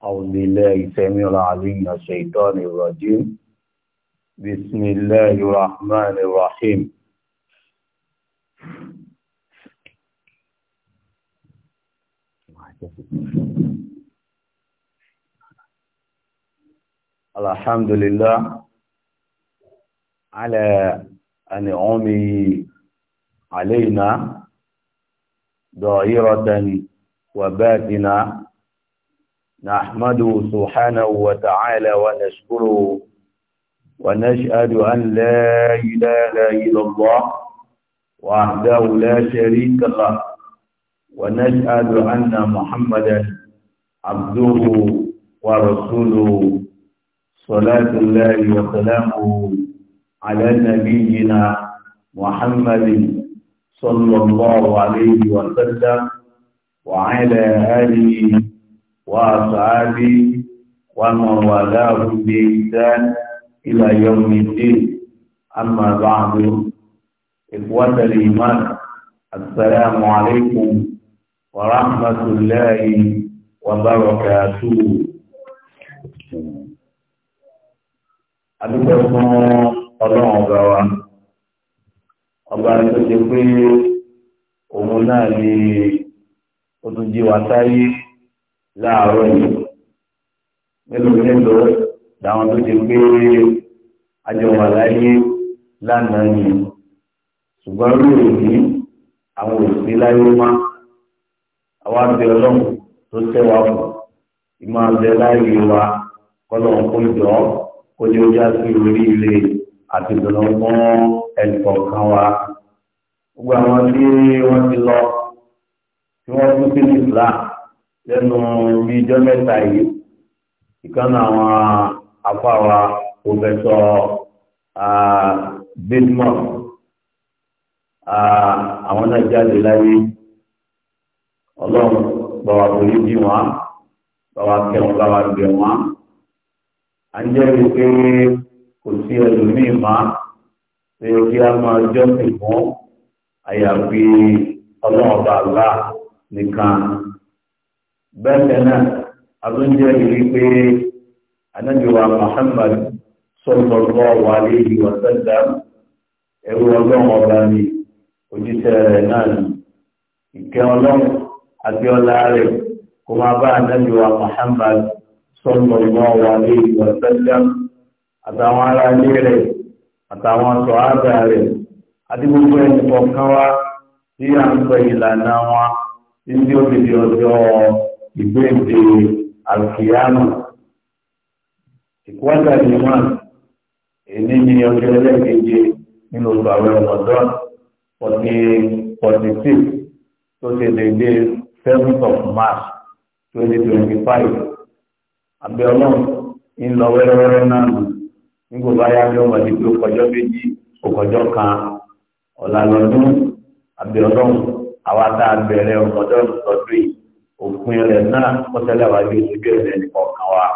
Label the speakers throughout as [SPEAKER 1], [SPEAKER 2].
[SPEAKER 1] أعوذ بالله السميع العليم من الشيطان الرجيم بسم الله الرحمن الرحيم الحمد لله على أنعمه علينا ظاهرة وباطنة نحمده سبحانه وتعالى ونشكره ونشهد أن لا إله إلا الله وحده لا شريك له ونشهد أن محمدا عبده ورسوله صلاة الله وسلامه على نبينا محمد صلى الله عليه وسلم وعلى آله وأصحابه ومن والاه بإحسان إلى يوم الدين أما بعد إخوة الإيمان السلام عليكم ورحمة الله وبركاته adúgbò fún ọlọ́run ọba wa ọba tó ṣe pé òun náà ni ó tún jí wa sáyé láàárọ̀ yìí mélòó mélòó làwọn tó ti gbé àjọwà láyé lánàá yìí ṣùgbọ́n lóòrè yìí àwọn òṣèlú láyé má àwa bẹ ọlọ́run tó tẹ́wà fún ìmọ̀ abẹ láyé wa kọ́lọ́run kó jọ kó jẹ́ ojú àti orí ilé àti ìdùnnú fún ẹnìkọ̀ọ̀kan wa gbogbo àwọn tí wọ́n ti lọ tí wọ́n tún sí ní Islam lẹ́nu bí ijọ́ mẹ́ta yìí ìkànnì àwọn afáwa pòfẹ́sọ bidmos àwọn náà jáde láyé ọlọ́run bàwà torí bí wọn bàwà kẹwọn bàwà gbẹ wọn à ń jẹ́rìí pé kò sí ẹlòmíì má pé kí a máa jọ́sìn fún àyàfi ọlọ́run bàbá nìkan bẹ́ẹ̀ náà àtúnjẹ ìrí pé anájọwà Muhammad sallallahu alayhi wa sallam ẹrú ọlọ́run ọba ni ojúṣe rẹ̀ náà ni ìkẹ́ ọlọ́run àti ọlá rẹ̀ kó máa bá anájọwà Muhammad sallallahu alayhi wa sallam àtàwọn ará ilé rẹ̀ àtàwọn sọ̀hádà rẹ̀ àti gbogbo kọ̀ọ̀kan wa tí à ń sọ ìlànà wọn tí ó fi di ọjọ́ ọ ìgbéǹde àlùkìyámà ìkúwádà ní wọn èní ní ọjọ́ ẹlẹ́gbẹ̀je nínú oṣù àwọn ọmọdún forty forty six tó ṣe de seventh of March twenty twenty five abẹ́ ọlọ́run ń lọ wẹ́rẹ́wẹ́rẹ́ náà nù nígbò bá yá ní ọmọdé tó kọjọ́ méjì òkọjọ́ kan ọ̀làlọ́dún abẹ́ ọlọ́run àwa tá a bẹ̀rẹ̀ ọmọdún òpin rẹ̀ náà kọ́tẹ́lẹ̀ wá yóò ṣojú ẹ̀rẹ́ nìkan kan wa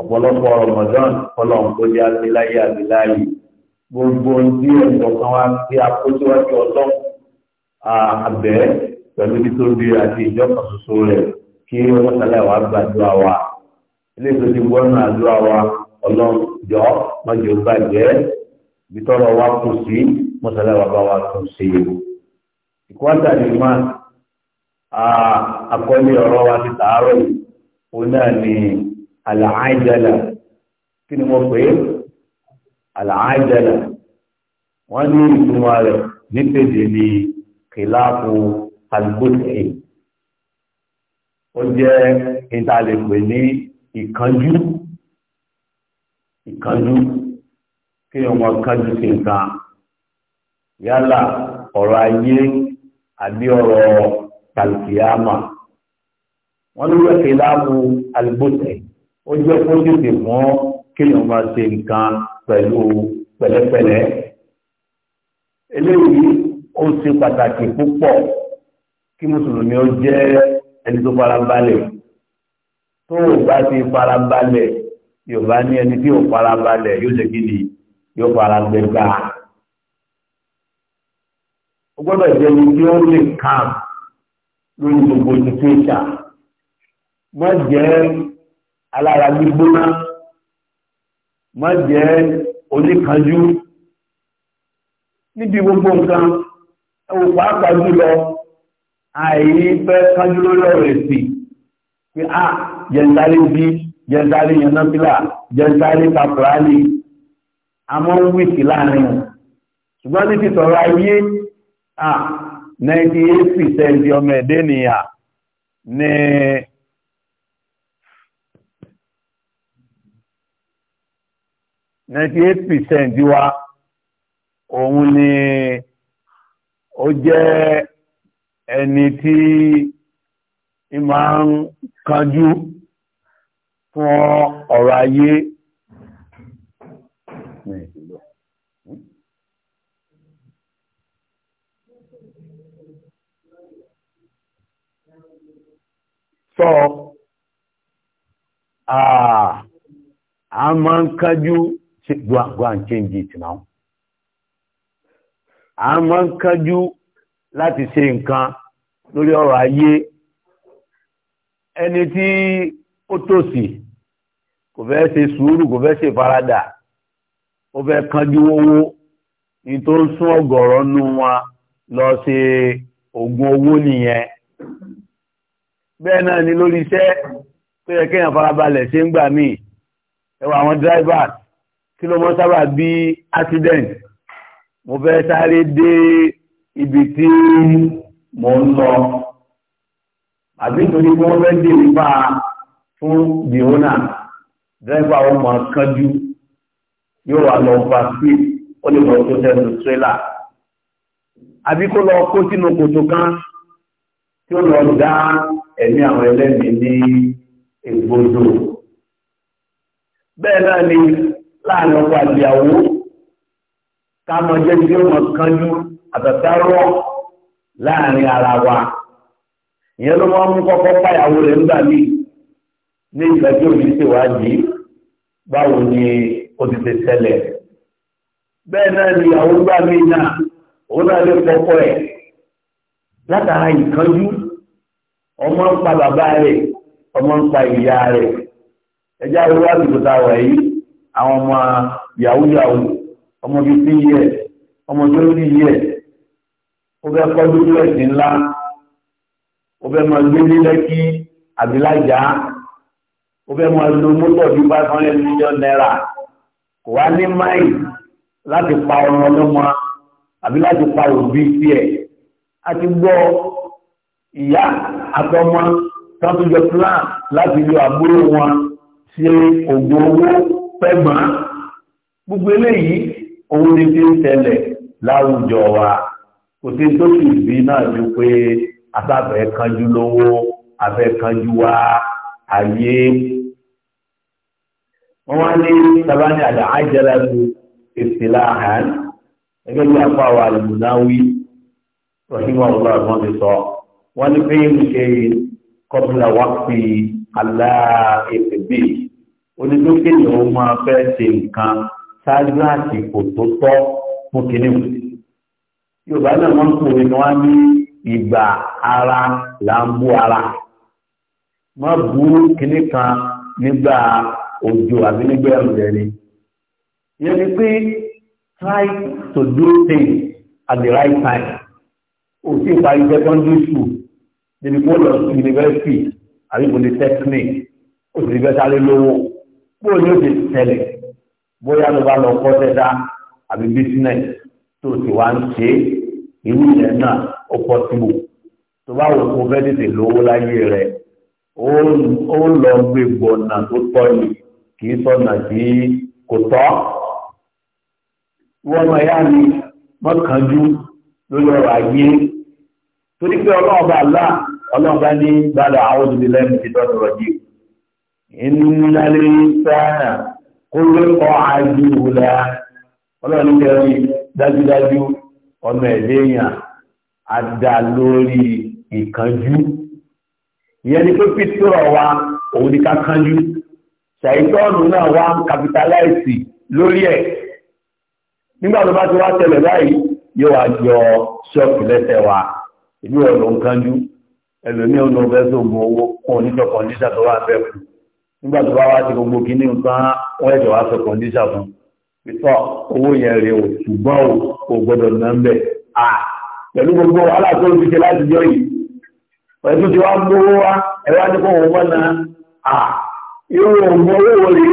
[SPEAKER 1] ọ̀pọ̀lọpọ̀ Ramadan kọ́lọ̀ ń kó jẹ́ abiláyé abiláyé gbogbo ndí ẹ̀dọ̀ kan wá sí akóṣíwájú ọlọ́ abẹ́ pẹ̀lú nítorí àti ìjọba ṣoṣo rẹ̀ kí kọ́tẹ́lẹ̀ wá gbàdúrà wa ilé ìtòsí gbọ́nà àdúrà wa ọlọ́run jọ mọ́jọ bàjẹ́ bitọ́rọ̀ wa kù sí mọ́tàlá wa bá wa tún ṣe ìkọ́tà àkọlé ọ̀rọ̀ wa ti tààrọ̀ yìí òun náà ni àlàájálà kí ni mo pè é àlàájálà wọ́n ní ìtumọ̀ rẹ̀ nítèdè ní kìláàfù albutin ó jẹ́ ìtàlẹ̀pẹ̀ ní ìkanjú ìkanjú kí ọmọ kanjú sí nǹkan yálà ọ̀rọ̀ ayé àbí ọ̀rọ̀ kàlùkìyàmà wọ́n ló yẹ kìláàmù alìbòtẹ̀ ó jẹ́ kó tètè mọ́ kéèyàn máa ṣe nǹkan pẹ̀lú pẹ̀lẹ́pẹ̀lẹ́ eléyìí ó ṣe pàtàkì púpọ̀ kí mùsùlùmí ó jẹ́ ẹni tó farabalẹ̀ tó o bá ti farabalẹ̀ yóò bá ní ẹni tí ò farabalẹ̀ yóò ṣe kíni yóò farabalẹ̀ ó gbọ́dọ̀ jẹ́ ẹni tí ó lè kàn lórí gbogbo ìtúkẹ́ṣà má jẹ́ alára gbígbóná má jẹ́ oníkanjú níbi gbogbo nǹkan ẹwò pàápàá jùlọ àìrí fẹ́ kanjú lórí ọ̀rọ̀ èsì pé a jẹ́ntàrí bí jẹ́ntàrí yanáfílà jẹ́ntàrí kàkùránì a mọ́ ń wìsì láàrin ṣùgbọ́n ní ti sọ̀rọ̀ ayé 98 percent ọmọ ẹ̀dẹ́ nìyà ní ninety eight percent wa òun ni ó jẹ́ ẹni tí ì kanjú fún ọ̀rọ̀ ayé sọ a máa ń kájú go and change it now a máa ń kájú láti ṣe nǹkan lórí ọrụ ayé ẹni tí ó tòsí kò fẹ́ ṣe sùúrù kò fẹ́ ṣe faradà ó fẹ́ kánjú owó ní tó ń sún nú wọn lọ bẹ́ẹ̀ náà ni lórí iṣẹ́ tó yẹ kéèyàn farabalẹ̀ ṣe ń gbà míì ẹwà àwọn dráìvà kí ló mọ́ sábà bí accident mo fẹ́ sáré dé ibi tí mo ń lọ àbí torí pé wọ́n fẹ́ dé nípa fún dìónà dráìvà wọn máa kánjú yóò wà lọ fa speed ó lè lọ tó sẹ́nu tírélà àbí kó lọ kó sínú kòtò kan tí ó lọ dáa ẹ̀mí àwọn ẹlẹ́mìí ní ìgbòdò bẹ́ẹ̀ náà ni láàrin ọkọ àgbéyàwó káàmọ̀ jẹ́ tí ó mọ̀ kánjú àtàtàrọ̀ láàrin ara wa ìyẹn ló máa ń mú kọ́kọ́ fàyàwó rẹ̀ nígbà mí ní ìgbà tí òbí ṣèwádìí báwo ni ó ti ṣe ṣẹlẹ̀ bẹ́ẹ̀ náà ni ìyàwó gbà mí náà òun náà lè kọ́kọ́ ẹ̀ látara ìkánjú ọmọ ń pa bàbá rẹ̀ ọmọ ń pa ìyá rẹ̀ ẹjá ìwé àdúgbò tá a wà yìí àwọn ọmọ yahoo yahoo ọmọ fifteen years ọmọ twenty years ó fẹ́ kọ́ dúdú ẹ̀sìn ńlá ó fẹ́ máa gbé ní lẹ́kí àbílájà ó fẹ́ máa lo mọ́tò bíi five hundred million naira kò wá ní máì láti pa ọ̀rọ̀ ọlọ́mọ àbí láti pa òbí tiẹ̀ a gbọ́ ìyá àtọmọ tọ́túnjọ plan láti lo àbúrò wọn ṣe ògùn owó pẹ́gbọ́n gbogbo eléyìí òun ni ti ń tẹ̀lẹ̀ láwùjọ wa kò sí tó sì bí náà ju pé asáfẹ́ kanjú lówó afẹ́ kanjú wá ayé wọ́n wá ní sábàní àdá àjẹrà tó ìsìlá àhán gẹ́gẹ́ bí apá wa àlùmùnáwí rọ̀ṣíwọ̀n ọ̀gbọ́n àgbọ̀n ti sọ wọ́n ní pé ṣe kọ́bùlà wá fi aláàfẹ́ bí onídókè ni ó máa fẹ́ ṣe nǹkan ṣáájú àsìkò tó tọ́ fún kínní yorùbá náà wọ́n ń pò nínú wá ní ìgbà ara là ń bú ara má bú kínní kan nígbà òjò àbí nígbà ẹ̀rùjẹ̀ ni ìyẹn ni pé try to do things at the right time òsì ìparí secondary school níbi kó lọ sí yunifásitì àbí polytechnic ó sì fẹ́ sáré lówó bóyá ni ó ti tẹ̀lẹ̀ bóyá ló bá lọ kọ́ tẹ́tà àbí business tó ti wá ń ṣe irú ìyẹn náà ó pọ̀ síbò tó bá wò kó fẹ́ tètè lówó láyé rẹ̀ ó lọ gbé gbọ̀nà tó tọ́ ni kì í sọ̀nà tí kò tọ́ wọ́n mọ̀ ya ni mọ́kànjú lórí ọ̀rọ̀ ayé torí pé ọlọ́ọ̀bà aláà ọlọ́run bá ní gbàdọ̀ àwọn òbí lẹ́nu ti tọ́ sọ̀rọ̀ jù ìnálẹ́ sáà kó ló kọ́ àjù wùlá ọlọ́run kẹrin dájúdájú ọmọ ẹ̀dẹ́ èèyàn adá lórí ìkánjú ìyẹn ni pé pítúrọ̀ wa òun ni ká kánjú ṣàìtọ́ọ̀nù náà wá ń kapitaláìsì lórí ẹ̀ nígbà tó bá ti wá tẹ̀lẹ̀ báyìí yóò wá jọ ṣọ́ọ̀kì lẹ́sẹ̀ wa ìlú ọ̀nà ń kánjú ẹlòmí ọ̀nà ọ̀fẹ́ sóògùn owó fún oníṣọ́ kọ̀ǹdíṣà tó wà bẹ́ẹ̀ fún nígbà tó bá wá ti gbogbo kíní nǹkan wọ́n ẹ̀jọ̀ wá sọ kọ̀ǹdíṣà fún pípọ̀ owó yẹn rè o ṣùgbọ́n o kò gbọ́dọ̀ ná ń bẹ̀ à pẹ̀lú gbogbo wàhálà tó ń ṣe láti jọ yìí pẹ̀lú tí wọ́n gbówó wá ẹ wá ní kóhùn wọn na à yóò mọ owó wò rí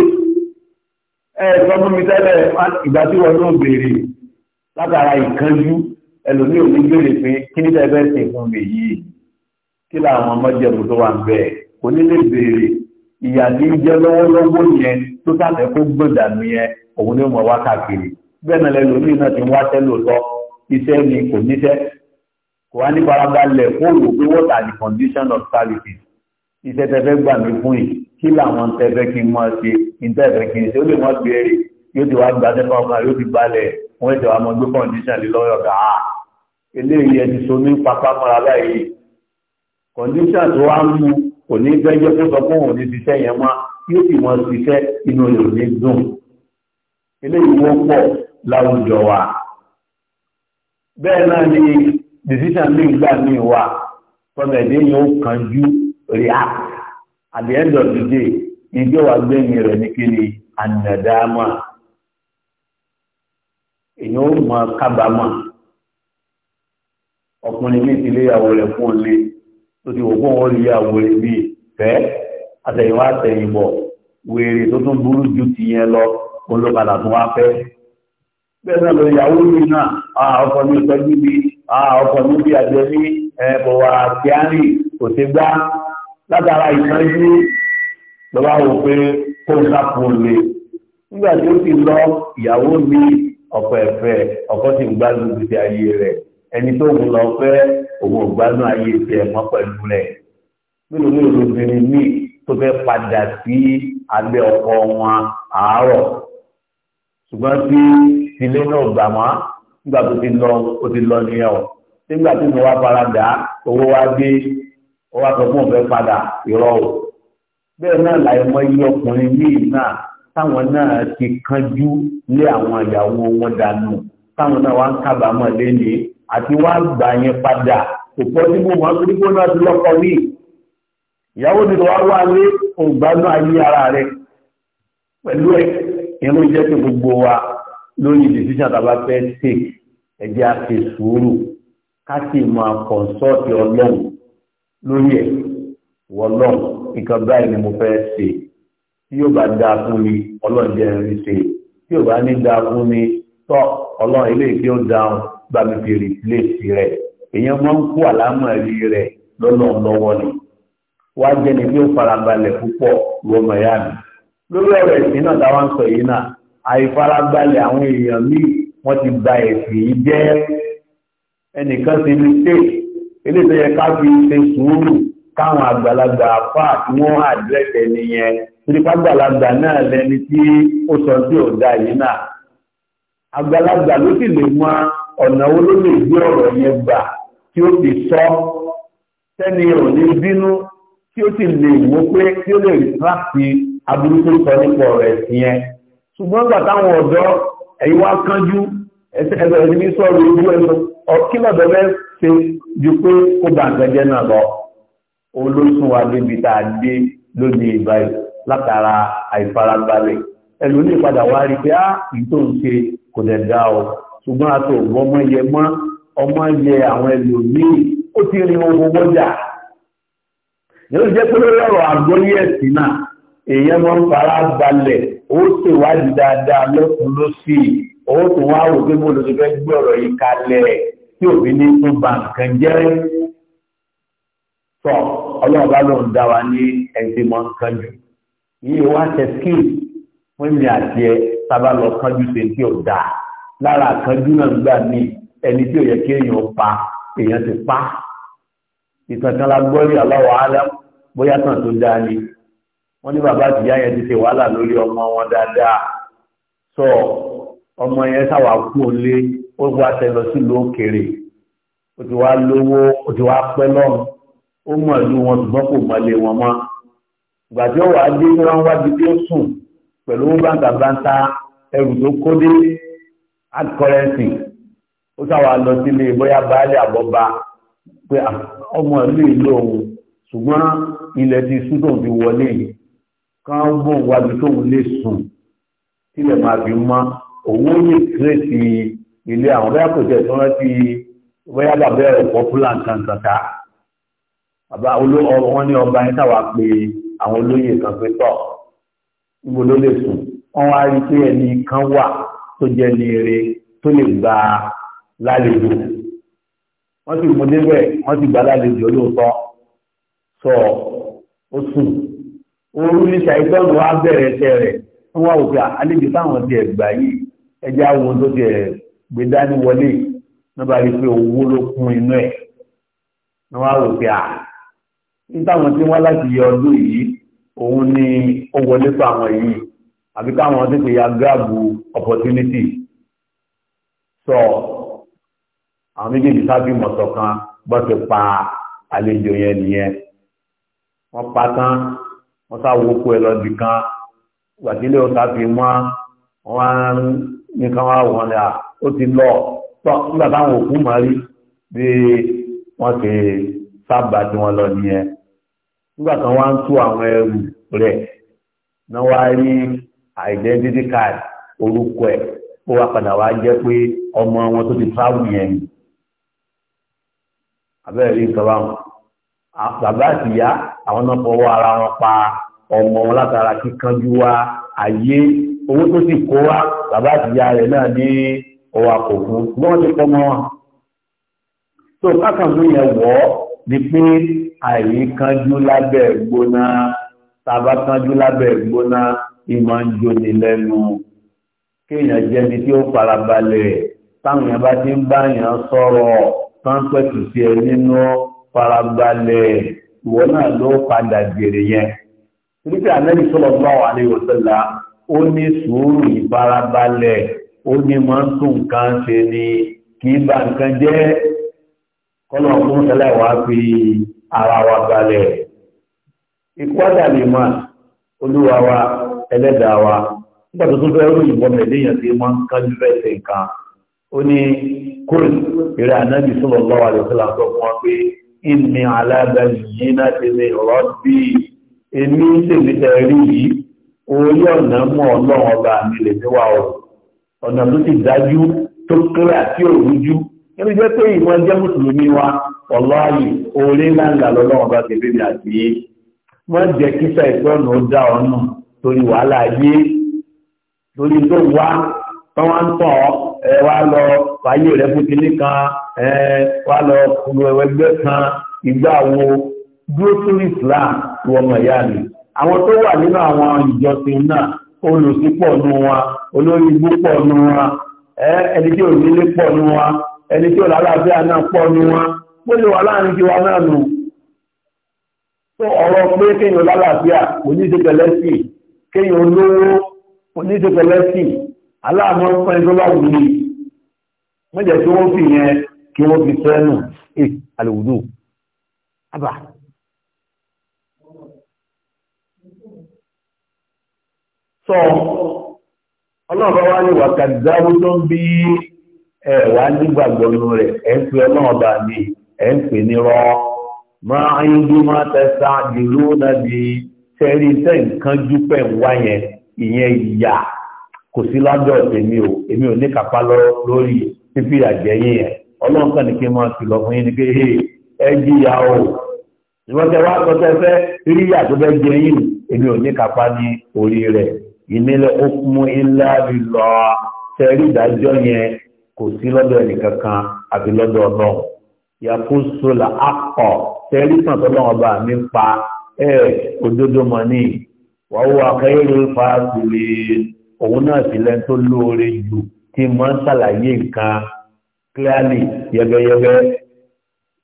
[SPEAKER 1] ẹ sọ fún mi tẹ́lẹ̀ ìgbà tí wọn náà béèrè látara ìkanjú ẹlòmí ò ní béèrè pé kí ní tẹ́ fẹ́ sè fún mi yìí kí làwọn ọmọjẹ̀bù tó wà ń bẹ̀ onílé béèrè ìyà ní jẹ́ lọ́wọ́lọ́wọ́ yẹn tó sàfẹ́ kó gbọ̀dànù yẹn òun ni ó mọ̀ wá káàkiri bẹ́ẹ̀ náà lẹ́lòmíì náà ti ń wá tẹ́lò lọ iṣẹ́ ni kò níṣẹ́ kò wá ní farabalẹ̀ fóònù pé what are the condition of services iṣẹ́ tẹ́fẹ́ gbà mí fún yìí kí làwọn tẹ́fẹ́ kí n mọ̀ ṣe ìtẹ́fẹ́ kí n ṣe ó lè mọ̀ béèrè e. yóò ti wá gbàtẹ́ fún ọmọ condition lé lọ́yọ̀ká eléyìí ẹni so ní pápá mọ́ra kọ̀ndíṣà tó wá mú kò ní gbẹ́jọ́ tó sọ fún òun ní ṣiṣẹ́ yẹn wá yóò sì mọ ṣiṣẹ́ inú rẹ̀ ní dùn eléyìí wọ́pọ̀ láwùjọ wa bẹ́ẹ̀ náà ni decision ní ìgbà míì wà tọ́lẹ̀ dé yóò kánjú react at the end of the day ìjọ wa gbẹ̀yìn rẹ̀ ní kíni ànàdámà èèyàn ó mọ kábàámà ọkùnrin mi ti léyàwó rẹ̀ fún un lé tó ti wògbọ́n wọn rí àwọn wèrè bíi fẹ́ àtẹ̀yìnwá àtẹ̀yìnbọ̀ wèrè tó tún burú ju ti yẹn lọ olókàdà tó wá fẹ́ bẹ́ẹ̀ náà lọ ìyàwó mi náà àà ọkọ mi tọ́jú bí àà ọkọ mi bí àjẹ ní ẹ̀bọ̀ wà kíárì kò ti gbá látara ìtọ́jú lọ́wọ́ wò pé kó ń sápò lè nígbà tí ó ti lọ ìyàwó mi ọ̀pọ̀ ẹ̀fẹ̀ ọ̀pọ̀ ti ń gbádùn ẹni tó wù lọ fẹ́ òun ògbánú ayé ti ẹ̀ mọ́ pẹ̀lú rẹ̀ nínú ní obìnrin míì tó fẹ́ padà sí abẹ́ ọkọ wọn àárọ̀ ṣùgbọ́n tí ilé náà gbà wọ́n nígbà tó ti lọ ó ti lọ nìyẹn o nígbà tí mo wá fara dà owó wá dé ó wá sọ fún òfẹ́ padà irọ́ o bẹ́ẹ̀ náà láì mọ iye ọkùnrin míì náà táwọn náà ti kánjú lé àwọn ìyàwó wọn dànù táwọn náà wá ń kábàámọ̀ lé ní àti wá gbà yẹn padà kò pọ́ sí mo máa ń gbé gbóná ti lọ́kọ mí ìyàwó mi wá wá lé ògbánú ayé ara rẹ pẹ̀lú ẹ̀ ìyẹn ló jẹ́ pé gbogbo wa lórí decision tàbá fẹ́ take ẹ̀jẹ̀ àti sùúrù ká sì máa kọ̀ǹsọ́ọ̀tì ọlọ́run lórí ẹ̀ wọlọ́n nǹkan báyìí ni mo fẹ́ ṣe tí yóò bá dáa fún mi ọlọ́run jẹ́ rí ṣe tí yóò bá ní dáa fún mi tọ́ ọlọ́run ilé ìpín ó dáhùn bá mi fi rìpléṣì rẹ̀ èèyàn máa ń kó àlámọ̀ rí rẹ̀ lọ́nà lọ́wọ́ ni wá jẹ́ ni bí ó farabalẹ̀ púpọ̀ wọ́mọ̀ yá mi lórí ọ̀rọ̀ ẹ̀sìn náà táwọn sọ yìí náà àìfarabalẹ̀ àwọn èèyàn míì wọ́n ti ba ẹ̀sìn yìí jẹ́ ẹnìkan ti ní ṣe eléyìí tó yẹ ká fi ṣe sùúrù káwọn àgbàlagbà àfà tí wọ́n àdírẹ́sẹ̀ nìyẹn torípa àgbàlagbà náà lẹni tí ó sọ sí ọ̀dà yìí náà àgbàlagbà ló sì lè máa ọ̀nà wo ló lè gbé ọ̀rọ̀ yẹn gbà tí ó ti sọ sẹ́ni ò ní bínú tí ó ti lè wó pé tí ó lè ráàpì aburú tó sọ nípa ọ̀rọ̀ ẹ̀sìn yẹn ṣùgbọ́n gbà táwọn ọ̀dọ́ ẹ̀yin wá kánjú ẹgbẹ̀rẹ̀ ní sọ̀rọ̀ ojú ẹnu ọ̀kílọ̀dọ̀ bẹ́ẹ̀ ṣe ju pé kó bá àgbẹ̀jẹ̀ náà lọ olóṣùn wa débi tá a dé lónìí ìbáyìí látara àìfarabalẹ̀ ẹlòmíì padà wá rí pé á ìtò kò dẹ̀ dá o ṣùgbọ́n àti ògbọ́n ọmọ yẹ mọ́ ọmọ yẹ àwọn ẹlòmíì ó ti rin ohun wọ́jà yóò jẹ́ pé lórí ọ̀rọ̀ àgbóyé ẹ̀sìn náà èèyàn máa ń fara balẹ̀ ó ṣèwádìí dáadáa lọ́kùn lọ́sì ó tún wá wò pé mo lọ sí fẹ́ gbé ọ̀rọ̀ yìí kalẹ̀ tí òbí ní tún ba nǹkan jẹ́ tọ́ ọlọ́run bá lóun dá wa ní ẹ̀sìn mọ́ nǹkan jù yìí wá tẹ̀ skil fún mi àti ẹ sábà lọ kánjú ṣe tí ò dáa lára àkànjú náà gbà ní ẹni tí ò yẹ kí èèyàn pa èèyàn ti pa ìtànkan la gbọ́ rí aláwọ̀ alẹ́ bóyá tàn tó dáa ni wọ́n ní bàbá àtìyá yẹn ti ṣe wàhálà lórí ọmọ wọn dáadáa sọ ọmọ yẹn sáwà kú òlé ó wá tẹlọ sílùú òkèèrè ó ti wá lówó ó ti wá pẹ́ lọ́run ó mọ̀ ìlú wọn ṣùgbọ́n kò mọ̀lé wọn mọ́ ìgbà tí ó wà á dé ní wọn wá di tí ó sùn pẹ̀lú bàǹtà bàǹtà ẹrù tó kó dé hard currency ó sáwà lọ sílé bóyá baálé àbọ̀bá pé ah, ọmọ ìlú ìlú òun ṣùgbọ́n ilẹ̀ ti sún tóun fi wọlé kan bò wábi tóun lè sùn tílẹ̀ máa fi mọ́ òun ó lè kírèsì ilé àwọn bóyá kò tẹ̀ tí wọ́n ti bóyá bàbá ẹ̀rọ pọ́pùlà nǹkan kàkà bàbá wọn ní ọba yẹn táwa pé àwọn olóyè kan pé tọ̀ níbo ló lè sùn wọ́n wá rí pé ẹni kan wà tó jẹ́ ní eré tó lè gba lálejò wọ́n ti mú débẹ̀ wọ́n ti gba lálejò lóòótọ́ sọ ó sùn oorun ní ṣàìtọ́nù wa bẹ̀rẹ̀ rẹ̀ wọ́n wá òkè àlejò táwọn ti ẹ̀gbà yìí ẹjẹ́ àwọn tó ti dání owó ló inú ẹ̀ wọ́n wá òkè à ní tí láti yọ ọdún yìí òun àbí káwọn tètè ya gíráàbù opportunity sọ àwọn méjèèjì sábì mọ̀tọ̀ kan gbọ́n ti pa àlejò yẹn nìyẹn wọ́n pa tán wọ́n sá wo kó ẹ lọ di kan gbàtílẹ̀ ọ̀sá fi mọ́ wọn ní kan wá wọn ni à ó ti lọ tọ́ nígbà táwọn òkú mọ̀ rí bí wọ́n ti sábà tí wọ́n lọ nìyẹn nígbà kan wá ń tú àwọn ẹrù rẹ̀ náà wá rí identity card orúkọ ẹ̀ ó wá padà wá jẹ́ pé ọmọ wọn tó ti travel yẹn ni abẹ́rẹ́ rí nǹkan báwọn bàbá àti ìyá àwọn náà fọwọ́ ara wọn pa ọmọ wọn látara kíkanjú wa ayé owó tó sì kó wa bàbá àti ìyá rẹ̀ náà ní ọwọ́ àpò fún wọ́n ti pọ́ mọ́ wọn. tó kákàndó yẹn wọ̀ ọ́ ni pé àìríkanjú lábẹ́ gbóná tàbá kanjú lábẹ́ gbóná ìmọ̀ ń jóni lẹ́nu kéèyàn jẹ́ni tí ó farabalẹ̀ táwọn èèyàn bá ti ń báyàn sọ̀rọ̀ tánpẹ̀tù sí ẹ nínú farabalẹ̀ ìwọ náà ló padà jèrè yẹn nígbà Ànábì sallallahu alaihi wasallam ó ní sùúrù ìfarabalẹ̀ ó ní máa ń tún nǹkan ṣe ni kì í ba nǹkan jẹ́ kọ́nà fún tẹ́lẹ̀ fi ara wa balẹ̀ ìpádà lè máa olúwa wa ẹlẹ́dàá wa nígbà tó tún fẹ́ ròyìn wọ́n mẹ̀lẹ́yìn tí wọ́n ń kájú fẹ́ ṣe nǹkan ó ní kúrò eré ànábì sallallahu alaihi wasallam sọ fún wọn pé ìní alágbàjì yìí náà ti ní ọ̀rọ̀ bí èmi tèmi tẹ rí yìí orí ọ̀nà mọ́ ọlọ́run ọba mi lè ní wa o ọ̀nà tó ti dájú tó kéré àti òrújú níbi jẹ́ pé ìwọ jẹ́ mùsùlùmí wa ọlọ́àyè orí ńláńlá lọ́lọ́run ọba tèmi àti yìí wọ́n jẹ́ kíṣà ìtọ́nù ó dá ọ torí wàhálà ayé torí tó wá tọ́wọ́ ń tọ̀ ẹ wá lọ fàyè rẹ fún kinní kan ẹ wá lọ ẹgbẹ́ kan ìgbà wo dúró sórí Islam tí wọ́n mọ̀ ìyá mi àwọn tó wà nínú àwọn ìjọsìn náà olùsípọ̀ nù wọn olórí ibú pọ̀ nù wọn ẹni tí ò pọ̀ nù wọn ẹni tí ò náà pọ̀ nù wọn ó lè wà láàrin tiwa náà nù. tó ọ̀rọ̀ pé kéèyàn lálàáfíà kò ní í ṣe pẹ̀lẹ́sì kéyàn olówó oníṣẹ́pẹ̀lẹ́ sí aláàmọ́ pẹ́ni tó bá wù ní mọ́jẹ̀ tí wọ́n fi yẹn kí wọ́n fi sẹ́nu ẹ̀ àlèwùdó àbà sọ ọlọ́ọ̀bá wá ní wàkàdáwó tó ń bí ẹ̀wà nígbàgbọ́ nù rẹ̀ ẹ̀ ń pè ọlọ́ọ̀bá ní ẹ̀ ń pè ní rọ́ máa ń bí máa tẹ̀sán dìlú náà bíi tẹ́rí tẹ́ nǹkan júpẹ́ wá yẹn ìyẹn ìyà kò sí lọ́dọ̀ èmi ò èmi ò ní kápá lórí fífi àjẹyìn yẹn ọlọ́run kan ní kí n máa kìlọ̀ fún yín ni pé ẹ jìyà o ìwọ́n tẹ wá sọ tẹ́fẹ́ rí ìyà tó fẹ́ jẹ yín èmi ò ní kápá ní orí rẹ̀ ìnílẹ̀ okùnmú ńlá lílọ tẹ́rí ìdájọ́ yẹn kò sí lọ́dọ̀ ẹnìkan kan àbí lọ́dọ̀ ọlọ́run yàkóso là á pọ̀ tẹ́rí sàn tọ́lọ́run ọba mi pa ẹ òdodo mọ̀ ní wà ó akẹ́rù fàásùlẹ̀ òun náà sì lẹ́n tó lóore jù tí mọ́ ń ṣàlàyé nǹkan clearly yẹbẹyẹbẹ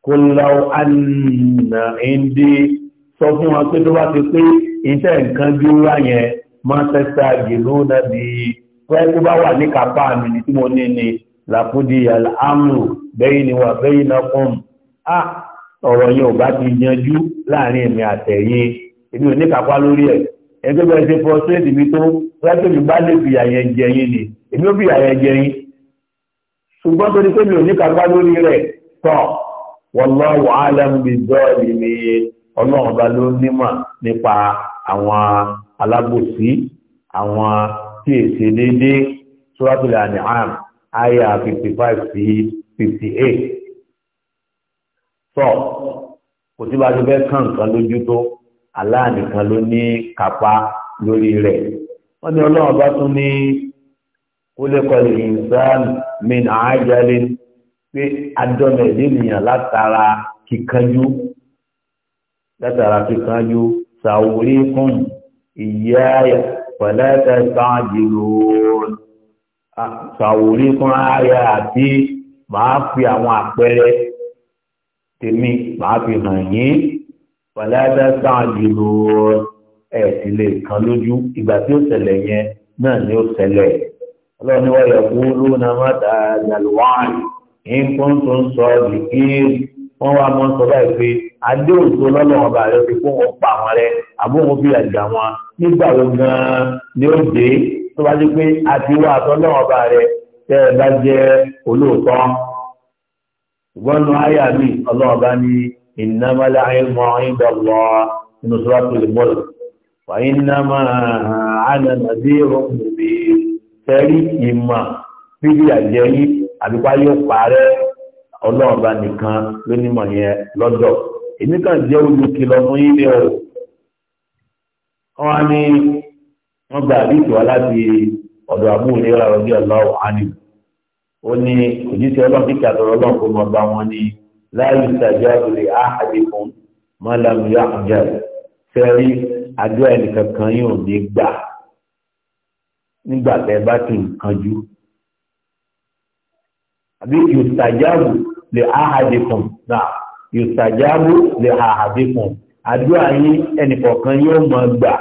[SPEAKER 1] kó lọ́wọ́ àná ẹ̀ńdí sọ fún wọn pé tó bá ti pé iṣẹ́ nǹkan dúró yẹn Manchester United bí pẹ́ tó bá wà ní kápá mi ní tí mo ní ni làkúdí àmù bẹ́yìn ni wà bẹ́yìn náà fún un ọ̀rọ̀ yẹn ò bá ti yanjú láàrin èmi àtẹ̀yìn èmi ò ní kápá lórí ẹ̀ ẹgbẹ́ bẹ́ẹ̀ ṣe frustrate mi tó wáṣẹ́ mi bá lè fìyà yẹn jẹ yín ni èmi ò fìyà yẹn jẹ yín ṣùgbọ́n torí pé mi ò ní kápá lórí rẹ̀ tọ̀ wallahu alam ni ọlọ́run bá ló nímọ̀ nípa àwọn alábòsí àwọn tí èsè déédéé suratul an'am aya fifty five sí fifty eight tọ́ kò tí bá ti fẹ́ kàn nǹkan lójú tó aláàdìkan ló ní kápá lórí rẹ̀ wọ́n ní ọlọ́run bá tún ní kólẹ́kọ̀lì ìsán min àájálẹ̀ pé adọ́mẹ̀ lẹ́nìyàn látara kíkanjú látara kíkanjú sàwórí kún ìyá pẹ̀lẹ́tẹ̀ sáàjìlò sàwórí kún ààyè àti màá fi àwọn àpẹẹrẹ tèmi màá fi hàn yín wàláàdá sáàjìlò ẹ̀ sì lè kan lójú ìgbà tí ó ṣẹlẹ̀ yẹn náà ni ó ṣẹlẹ̀ ọlọ́ni wọ́n yẹ kú lónà mọ́ta nàlùwárì nǹkan tó ń sọ ọ́dì kí wọ́n wá mọ́ sọ báyìí pé adéhùn tó lọ́lọ́ rẹ fi kó wọn wọn rẹ àbóhùn fi àjà wọn nígbà wo gan-an ni ó dé tó bá dé pé àti wá àtọ́ lọ́wọ́ rẹ tẹ́ ẹ bá jẹ́ olóòótọ́ gbọ́nù àyà mi ọlọ́ọ̀bá ní ìnámálá àìmọ̀ ìdọ̀lọ́ nínú sọ́rọ̀tò lè mọ́lù wà ìnámá ànàmà sí ìrọ̀mùbí tẹ́rí ìmà fídí àjẹyí àbípá yóò parẹ́ ọlọ́ọ̀bá nìkan lónímọ̀ yẹn lọ́dọ̀ èmi kàn jẹ́ olùkìlọ̀ fún yín ní ọ̀rọ̀ wọn ni wọn gba àbíkì wá láti ọ̀dọ̀ àbúrò ní ọ̀rọ̀ ọ̀dọ̀ ọ̀lọ́wọ̀ ó ní òjíṣẹ́ ọlọ́run kíkà tọrọ ọlọ́run kó mọ bá wọn ní láàyè ìtajà lórí áhàdì fún mọ́lámù yá àjà fẹ́rí àdúrà ẹnìkan kan yóò ní gbà nígbà tẹ́ bá ti ń kanjú àbí ìtajáàbù lè áhàdì fún náà ìtajáàbù lè áhàdì fún àdúrà yín ẹnìkọ̀ọ̀kan yóò mọ gbà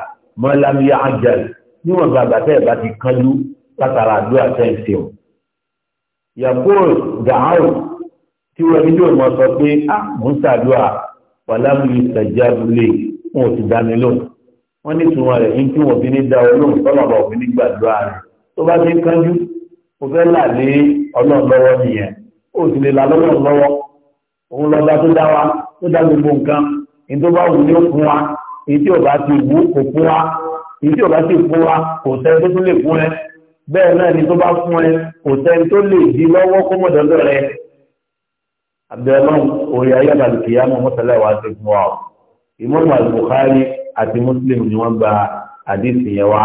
[SPEAKER 1] mọ́lámù yá àjà níwọ̀n bàbá tẹ́ bá ti kanjú látara àdúrà tẹ́ ń yakul dàáwò tí wọn ní yóò mọ sọ pé a ah, mò ń ṣàdúrà wàlámù ìsàjábùlé wọn ò ti dá mi lóhùn wọn ní tiwọn rẹ ní tí wọn fi ní da olóhùn tọlọmọ òfin ní gbàdúrà rẹ tó bá ti ń kánjú mo fẹ́ là lé ọlọ́run lọ́wọ́ nìyẹn ó sì lè la lọ́wọ́ lọ́wọ́ òun lọ́ba tó dá wa tó dá gbogbo nǹkan èyí tó bá wù ní òkun wa èyí tí ò bá ti wù kò fún wa èyí tí ò bá ti fún wa kò sẹ́ni bẹ́ẹ̀ náà ni tó bá fún ẹ kò sẹ́ni tó lè di lọ́wọ́ kó mọ̀ dọ́dọ̀ rẹ abdulhamid orí ayélujára kìí àmọ́ mọ́tàlá wa ti fún wa o Imam al-Bukhari àti Muslim ni wọ́n gba àdìsí yẹn wá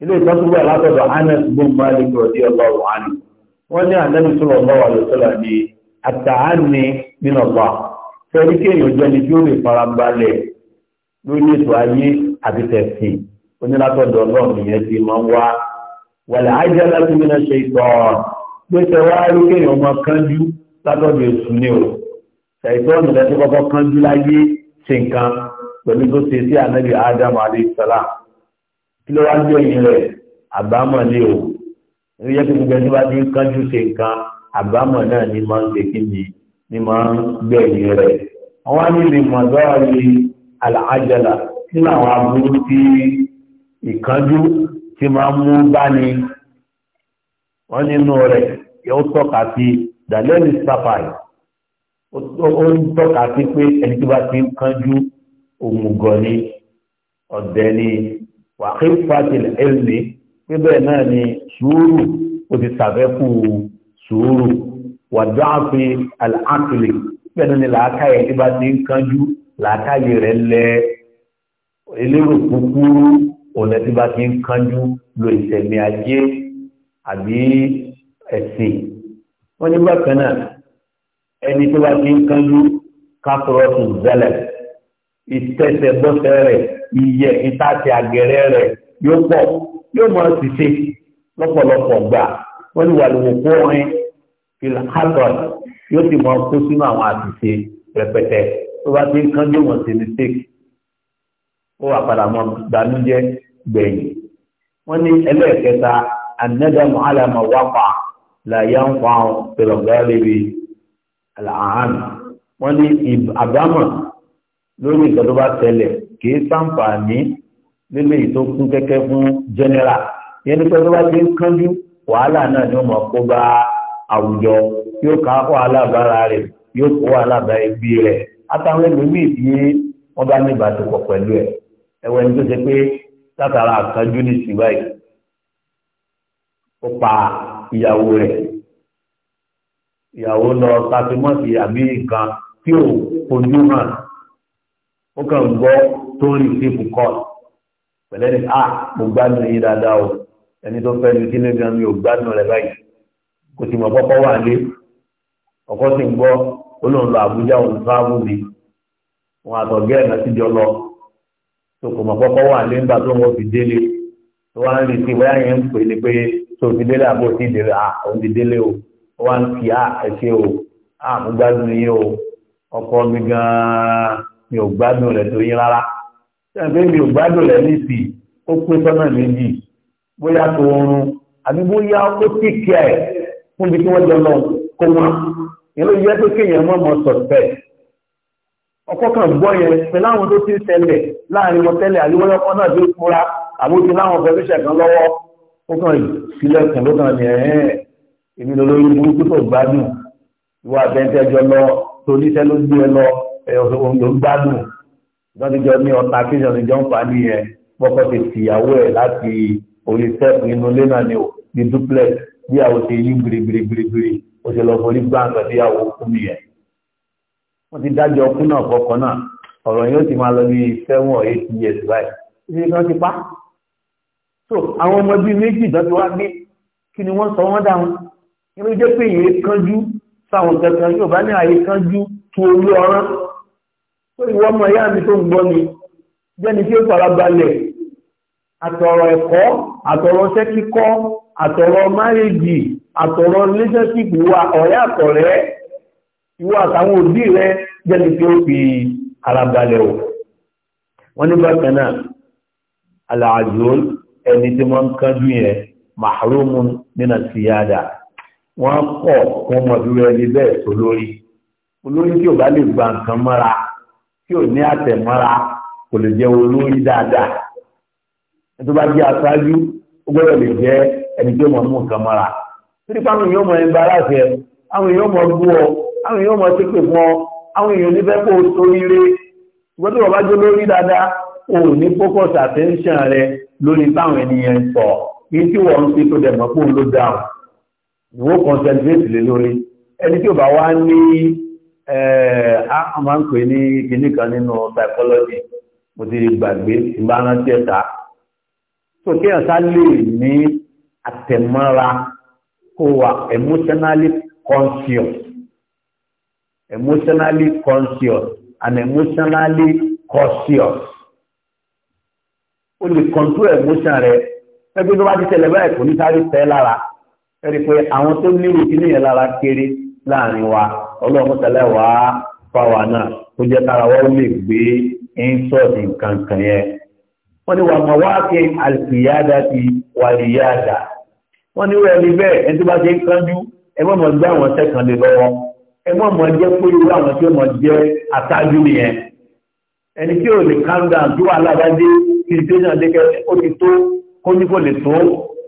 [SPEAKER 1] ilé ìtọ́jú wà látọ̀dọ̀ Anas bin Malik radiyallahu anhu wọ́n ní Ànábì sallallahu alaihi wasallam ní àtàánì nínú ọ̀gbà fẹ́rí kéèyàn jẹ́ ni tí ó lè farabalẹ̀ lórí ètò ayé àti tẹ̀sìn onírátọ̀dọ̀ ọlọ́run yẹn ti máa ń wá wàlẹ̀ àìjẹ́ láti mi náà ṣe ìtọ̀ pẹ́sẹ̀ wá rí kéèyàn ọmọ kánjú látọ̀dọ̀ èṣù ni o ṣàìtọ́ ọ̀nà tó kọ́kọ́ kánjú láyé ṣe nǹkan pẹ̀lú tó ṣe sí ànábì ádámù àdéṣọ́lá kí ló wá jẹ́ ìyìn rẹ̀ àbámọ̀ ni o ní yẹ kí gbogbo ẹni bá ti ń kánjú ṣe nǹkan àbámọ̀ náà ni máa ń ṣe kí ni ni máa ń gbẹ̀yìn rẹ̀ àwọn nílé mọ̀dọ́rì àlàájàlà nínú àwọn aburú tí ìkánjú tí máa mú báni wọ́n nínú rẹ̀ yóò tọ́ka sí dalẹ́lì sapphire ó ń tọ́ka sí pé ẹni tí bá ti ń kánjú òmùgọ̀ ni ọ̀dẹ̀ ni wàhíì fatil elmi pé bẹ́ẹ̀ náà ni sùúrù ó ti sàfẹ́kù sùúrù wàdáàfi àlàákìlì bẹ́ẹ̀ náà ni làákàyè tí bá ti ń kánjú làákàyè rẹ̀ lẹ elérò kúkúrú ọ̀nà tí bá ti ń kánjú lo ìsẹ̀mí ajé àbí ẹ̀sìn wọ́n ní bákan náà ẹni tó bá ti ń kánjú káfọ́rọ́sù zẹlẹ̀ ìtẹ̀sẹ̀ bọ́sẹ̀ rẹ̀ iyẹ̀ ìtàtì àgẹ̀rẹ̀ rẹ̀ yóò pọ̀ yóò mọ̀ sí ṣe lọ́pọ̀lọpọ̀ gbà wọ́n ní wàlúwò kó rin filhaton yóò ti mọ̀ kó sínú àwọn àṣìṣe rẹpẹtẹ tó bá ti ń kánjú wọn sí mistake ó wà padà mọ́ gbanújẹ́ gbẹ̀yìn wọ́n ní ẹlẹ́ẹ̀kẹta anẹ́dàmù alàmà wápa làyà ń pa pẹ̀lọ̀gbẹ́rẹ́bí àlàáhàn wọ́n ní àbámọ̀ lórí nǹkan tó bá tẹ̀lẹ̀ kìí sàǹfààní nílé ìtó kún kẹ́kẹ́ fún general yẹn ní pé tó bá ti ń kánjú wàhálà náà ni ó mọ̀ kó bá àwùjọ yóò ká wàhálà bára rẹ̀ yóò kó wàhálà bá ẹbí rẹ̀ àtàwọn ẹlòmíì tí wọ́n bá ní ìbáṣepọ̀ pẹ̀lú ẹ̀ ẹwọ ẹni tó ṣe pé látara àkànjú ní ìsìnbá yìí ó pa ìyàwó rẹ̀ ìyàwó lọ sátìmọ́sì àbí nǹkan tí ò fojú hàn ó kàn gbọ́ tó ń rí sífù kọ́ọ̀tù pẹ̀lẹ́ ní a ah, mo gbádùn yín dáadáa o ẹni tó fẹ́ ní kílé gan mi ò gbádùn rẹ̀ báyìí kò sì mọ̀ pọ́pọ́ wà lé ọkọ sì ń gbọ́ ó lóun lọ Àbújá òun fáwọn mi wọn àtọ̀gẹ́ ẹ̀ náà síjọ lọ tó kò mọ̀ kọ́kọ́ wà lé nígbà tó ń wọ́n fi délé tó wá ń rí sí bóyá yẹn ń pè ní pé tó fi délé àbò tí ìdèrè à ah, òun ti délé o ó wá ń fi à ah, ẹ̀ṣẹ̀ o à ah, mo gbádùn yín o ọkọ mi gan-an mi ò gbádùn rẹ̀ tó yín rárá sẹ́yìn pé mi ò gbádùn rẹ̀ nísì ó pé sọ́nà méjì bóyá tó oorun àbí bóyá ó sì kí ẹ̀ fún bí kí wọ́n jọ lọ kó wọn ìlú yẹ pé kéèyàn mọ̀ mọ́ sọ̀tẹ́ẹ̀ ọkọ̀ kan gbọ́ yẹn pẹ̀lú àwọn tó ti ń tẹ̀lẹ̀ láàrin wọn tẹ́lẹ̀ àríwọ́yọ́ kan náà bí ó fura àbójú láwọn fẹ́fíṣẹ̀ kan lọ́wọ́ ó kàn sílẹ̀ kan ló kàn ní ẹ̀ẹ́ èmi lolórí burúkú tó gbádùn ìwọ àbẹ́ntẹ́jọ lọ toníṣẹ́ ló gbé ẹ lọ òun ló gbádùn ìdánijọ ní ọ̀tá kíjọ ní jọ́ǹfà ní ẹ pọ́kọ́ ti tìyàwó ẹ̀ láti orí sẹ́ẹ̀kù inú ilé náà ni ní duplex bí àwọn ti yí gbirigbirigbiri ó ṣe lọ forí gbáǹkan síyàwó fún mi yẹn wọ́n ti dájọ́ ọkùn náà kọ̀ọ̀kan náà ọ̀rọ̀ yóò ti máa lọ bí seven or eight years báyìí ṣe kí wọ́n ti pa. so àwọn ọmọ bíi méjì tó ti wá gbé kí ni wọ́n sọ wọ́n dáhùn inú jẹ́ pé èyí kánjú sáwọn kankan yóò bá ní àyè kánjú tu orí ọ̀rán tó ìwọ ọmọ ìyá mi tó ń gbọ́ mi jẹ́ni tí ó fara àtọ̀rọ̀ ẹ̀kọ́ àtọ̀rọ̀ iṣẹ́ kíkọ́ àtọ̀rọ̀ márèjì àtọ̀rọ̀ relationship wa ọ̀rẹ́ àtọ̀rẹ́ ìwọ àtàwọn òbí rẹ jẹ́ni tí ó fi ara balẹ̀ o wọ́n ní bákan náà aláàjò ẹni tí wọ́n ń kánjú yẹn màálùmù nínà síyáàdà wọ́n kọ̀ fún ọmọdúró ẹni bẹ́ẹ̀ tó lórí olórí tí ò bá lè gba nǹkan mọ́ra tí ò ní àtẹ̀mọ́ra kò lè jẹ́ olórí dáadáa ẹni tó bá jẹ́ aṣáájú ó gbọ́dọ̀ lè jẹ́ ẹni tí ó mọ̀ mú nǹkan mọ́ra nípa àwọn èèyàn mọ̀ ẹ̀ bá aláṣẹ àwọn èèyàn mọ̀ bú àwọn èèyàn mọ̀ sí pé fún ọ àwọn èèyàn ní fẹ́ kó o torí rẹ ṣùgbọ́n wọ́n bá jó lórí dáadáa o ní focus attention rẹ lórí táwọn ènìyàn sọ ní tí wọ́n ń ṣe tó dẹ̀ mọ́ fóun ló dáhùn ìwọ concentrate lé lórí ẹni tí ò bá wá ní eh, a máa ń pè ní kinní kan nínú psychology mo ti gbàgbé ìbárántí ẹ̀ta tó kéèyàn sá lè ní àtẹ̀mọ́ra kó wà emotionally conscious emotionally conscious and emotionally cautious. O lè control emotion rẹ̀ ẹgbẹ́ tó bá ti tẹ̀lé báyìí kò ní sáré tẹ́ lára. Ẹ rí i pé àwọn tó ní ìrùkí nìyẹn lára kéré láàrin wa ọlọ́run tẹ̀lé wá fáwa náà tó jẹ́ kára wọ́n lè gbé insult nǹkan kan yẹn. Wọ́n ní wà mọ̀ wá kí àlùkìyáda ti wàlìyáda. Wọ́n ní wẹ́ẹ̀ ní bẹ́ẹ̀ ẹni tó bá ṣe ń kánjú ẹgbẹ́ mọ̀ gbá àwọn sẹ́kànlélọ́wọ́ ẹgbọ́n mọ̀ jẹ́ pé irú àwọn tí ó mọ̀ jẹ́ àtàjú nìyẹn ẹni tí ò lè calm down tó wà ládájé kí ìpé náà lékẹ́ ó ti tó kó ní kò lè tó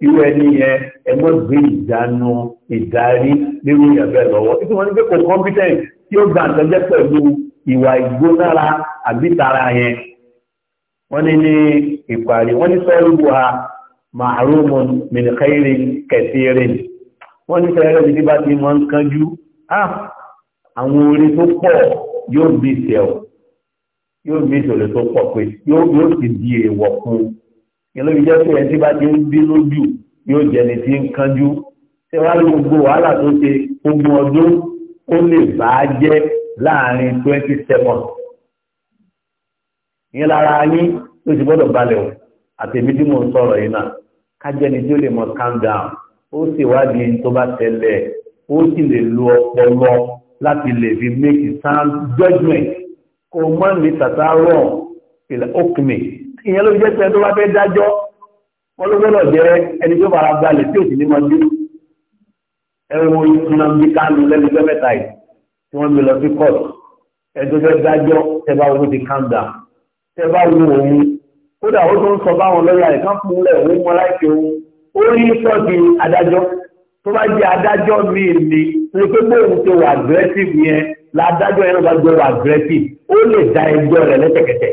[SPEAKER 1] irú ẹni yẹn ẹgbọ́n gbé ìdánu ìdarí lérú ìyàbẹ̀ lọ́wọ́ tí wọ́n ní pé kò competent tí ó gbà àtẹ́jẹ́ pẹ̀lú ìwà ìgbónára àbítara yẹn wọ́n ní ní ìparí wọ́n ní sọ́ọ́rù wa màárùn-ún mìnìkẹ́rin kẹ̀sírin wọ́n ní sẹ́yẹ́rẹ́ ti bá ti mọ́ ń kánjú ah àwọn orí tó pọ̀ yóò bí ìṣẹ̀wò yóò bí ìṣòro tó pọ̀ pé yóò sì di èèwọ̀ fún un ìlóbi jẹ́ pé ẹni tí bá ti ń bínú jù yóò jẹni tí ń kánjú ṣé wàá ló gbogbo wàhálà tó ṣe ogún ọdún ó lè bá a jẹ́ láàrin twenty seconds ìyẹn lára yín ló ti gbọ́dọ̀ balẹ̀ o àtẹ̀mí tí mo ń sọ̀rọ̀ yìí náà kájẹni tí ó lè mọ calm down ó sì wádìí tó bá tẹ̀lé ó sì lè lo ọpọlọ láti lè fi make sound judgment kò mọ́ ní tàtà rọ̀ ìlẹ̀ òkùnmí ìyẹn ló jẹ́ pẹ́ tó bá fẹ́ dájọ́ wọ́n ló gbọ́dọ̀ jẹ́ ẹni tó fara balẹ̀ tí ò sì ní mọ́ dé ẹwọ ìtura bí kánú lẹ́nu pẹ́ mẹ́ta yìí tí wọ́n mi lọ sí court ẹjọ́ fẹ́ dájọ́ ẹ bá wo ti calm down ẹ bá wo òun kódà ó tó ń sọ báwọn lọ́yà ẹ̀ká fún un lẹ̀ òun mọ́ láìpẹ́ òun ó rí sọ́ọ̀tì adájọ́ tó bá jẹ́ adájọ́ mi ni ní pé bóun ṣe wà aggressive yẹn ládájọ́ yẹn bá gbé wà aggressive ó lè da ẹjọ́ rẹ̀ lẹ́tẹ̀kẹ̀tẹ̀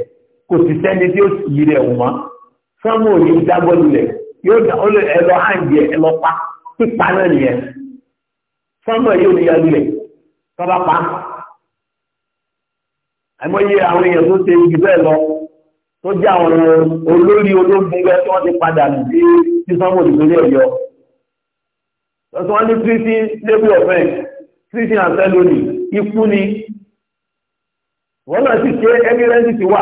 [SPEAKER 1] kò sì sẹ́ni tí ó yí rẹ̀ wọ́n sọ́mù òní dábọ́lù rẹ̀ yóò dá ó lè ẹlọ hàǹdì ẹ lọ pa pípa náà nìyẹn sọ́mù ẹ̀ yóò níyàlú rẹ̀ tọ́ba pa àìmọye àwọn èèyàn tó ṣe ibi bẹ́ẹ̀ lọ tó jẹ́ àwọn olórí ológun rẹ̀ tí wọ́n ti padà sí sísọ́mù lọ́sọ̀ wọ́n ní level of offence treating and felony ikú ni wọ́n náà sì ṣe evidence ti wà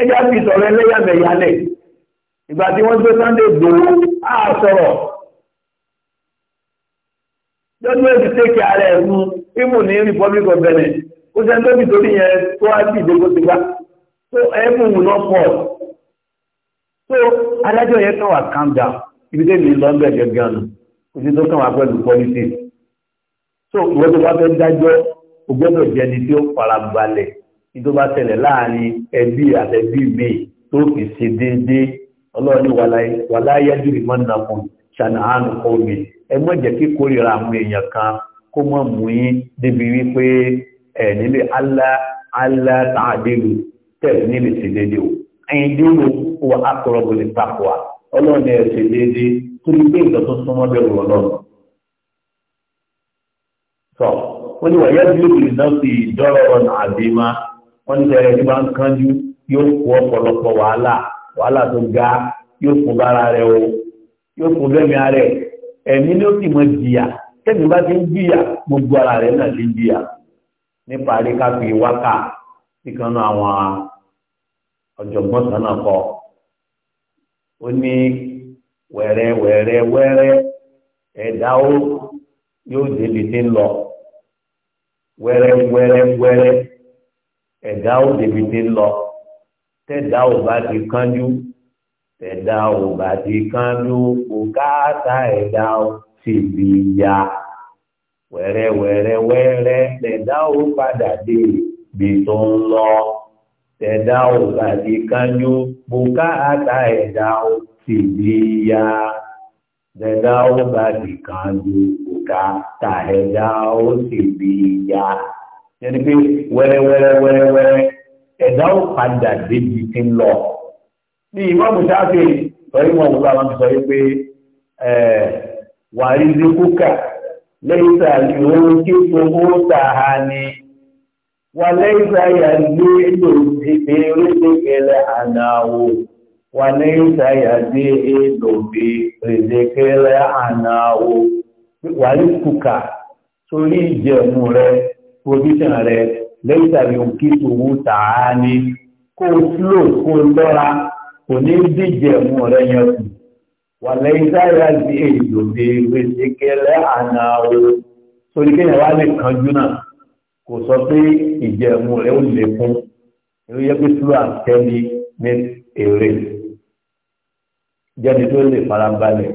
[SPEAKER 1] ẹjọ́ sì sọ̀rọ̀ ẹlẹ́yàmẹ̀yà lẹ̀ ìgbà tí wọ́n gbé Sunday gbòó á sọ̀rọ̀ lọ́dún èdè tẹ́kì ààrẹ ẹ̀fún ìmù ní Republic of Benin kó sẹ́ni tó bì torí yẹn tó á sì ìdókò ti wá tó ẹ̀mù náà pọ̀ tó adájọ́ yẹn kàn wá calm down If ibi tẹ́lẹ̀ lọ́ńbẹ̀ gẹ́gẹ́ náà ojú tó kàn wá pẹ̀lú pọ́lítì so ìwọ́n tó bá fẹ́ dájọ́ o gbọ́dọ̀ jẹ́ ni tí ó farabalẹ̀ ní tó bá tẹ̀lẹ̀ láàrin ẹbí àtẹbí mi tó fi ṣe déédéé ọlọ́ọ̀ni wàláyájú ìmọ̀nàkùn ṣànàánù omi ẹ mọ̀ jẹ́ kí kórìíra àwọn èèyàn kan kó mọ̀ mú yín débi wípé ẹ̀ nílé alá tààdélu tẹ̀lé nílé ṣe déédéé o ẹ̀yin déédéé o wà á kọ̀rọ̀ bọ̀lẹ̀ pàpọ̀ ọlọ́ọ̀ni ẹ̀ ṣe déédéé torí pé nǹkan tó súnmọ́ bẹ̀rù ọlọ́run. sọ ó ní wàyẹ́ bí lóbi náà ti dọ́rọ̀ ọ̀nà àbímá wọ́n ní sẹ́yìn tí bá ń kánjú yóò kó ọ̀pọ̀lọpọ̀ wàhálà wàhálà tó ga yóò kó bára rẹ̀ o yóò kó bẹ́mi rẹ̀ ẹ̀mí ni sì mọ jìyà tẹ́mi bá ti ń jìyà gbogbo ara rẹ̀ náà ti ń jìyà nípa rí ká wákà síkanú àwọn ọ̀jọ̀gbọ́n kan kọ ó ní wẹ̀rẹ̀ wẹ̀rẹ̀ wẹ́rẹ́ ẹ̀dá ó yóò débi tí ń lọ wẹ́rẹ́ wẹ́rẹ́ wẹ́rẹ́ ẹ̀dá ó débi tí ń lọ tẹ̀dá ò bá ti kánjú tẹ̀dá ò bá ti kánjú kò káàtà ẹ̀dá ó ti bì ya wẹ́rẹ́ wẹ́rẹ́ wẹ́rẹ́ padà dé ibi tó ń lọ tẹ̀dá ò bá ti kánjú kò káàtà ẹ̀dá ó sibiya da dawo ba di kan ju kuka ta he dawo sibiya yẹni pé wẹ́rẹ́ wẹ́rẹ́ wẹ́rẹ́ wẹ́rẹ́ ẹ̀dá ó padà débi tí ń lọ ní ìmọ̀mù sáfì sọrí wọn wúlò àwọn sọ pé wàrí ní kúkà lẹ́yìn sàlì òun kí owó tà á ní wà lẹ́yìn sàlì àlè lòdì èrè lẹ́kẹ̀lẹ̀ àná òun. وليس يزيد برزقك عناو ورزقك torí ìjẹ̀mú rẹ provision rẹ lẹ́yìn tàbí òkè tòwú tàá ni kó o fúlò kó o lọ́ra kò ní díjẹ̀mú rẹ yẹn kù wà lẹ́yìn sáyà sí èdò bí gbèsè kẹlẹ́ àná o torí kéèyàn wá lè kanjú náà kò sọ pé ìjẹ̀mú rẹ ó lè fún ìròyìn pé fúlò àtẹ́ni ní èrè jẹ́ni tó lè farabalẹ̀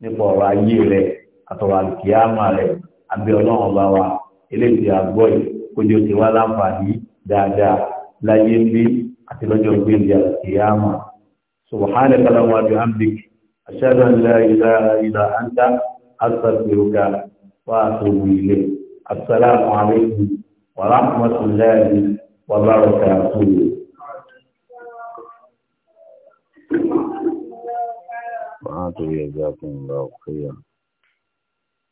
[SPEAKER 1] nípa ọ̀rọ̀ ayé rẹ̀ àtọ̀rọ̀ àlùkìyàmà rẹ̀ àbí ọlọ́run ọba wa eléyìí àgbọ̀ yìí kójú ti wá láǹfààní dáadáa láyé bí àti lọ́jọ́ gbélé àlùkìyàmà. subhanahu wa ta'ala wa bihamdik ashhadu an la ilaha illa anta astaghfiruka wa atubu ilayk assalamu alaykum wa rahmatullahi wa barakatuh الجماعة جزاكم الله خيرا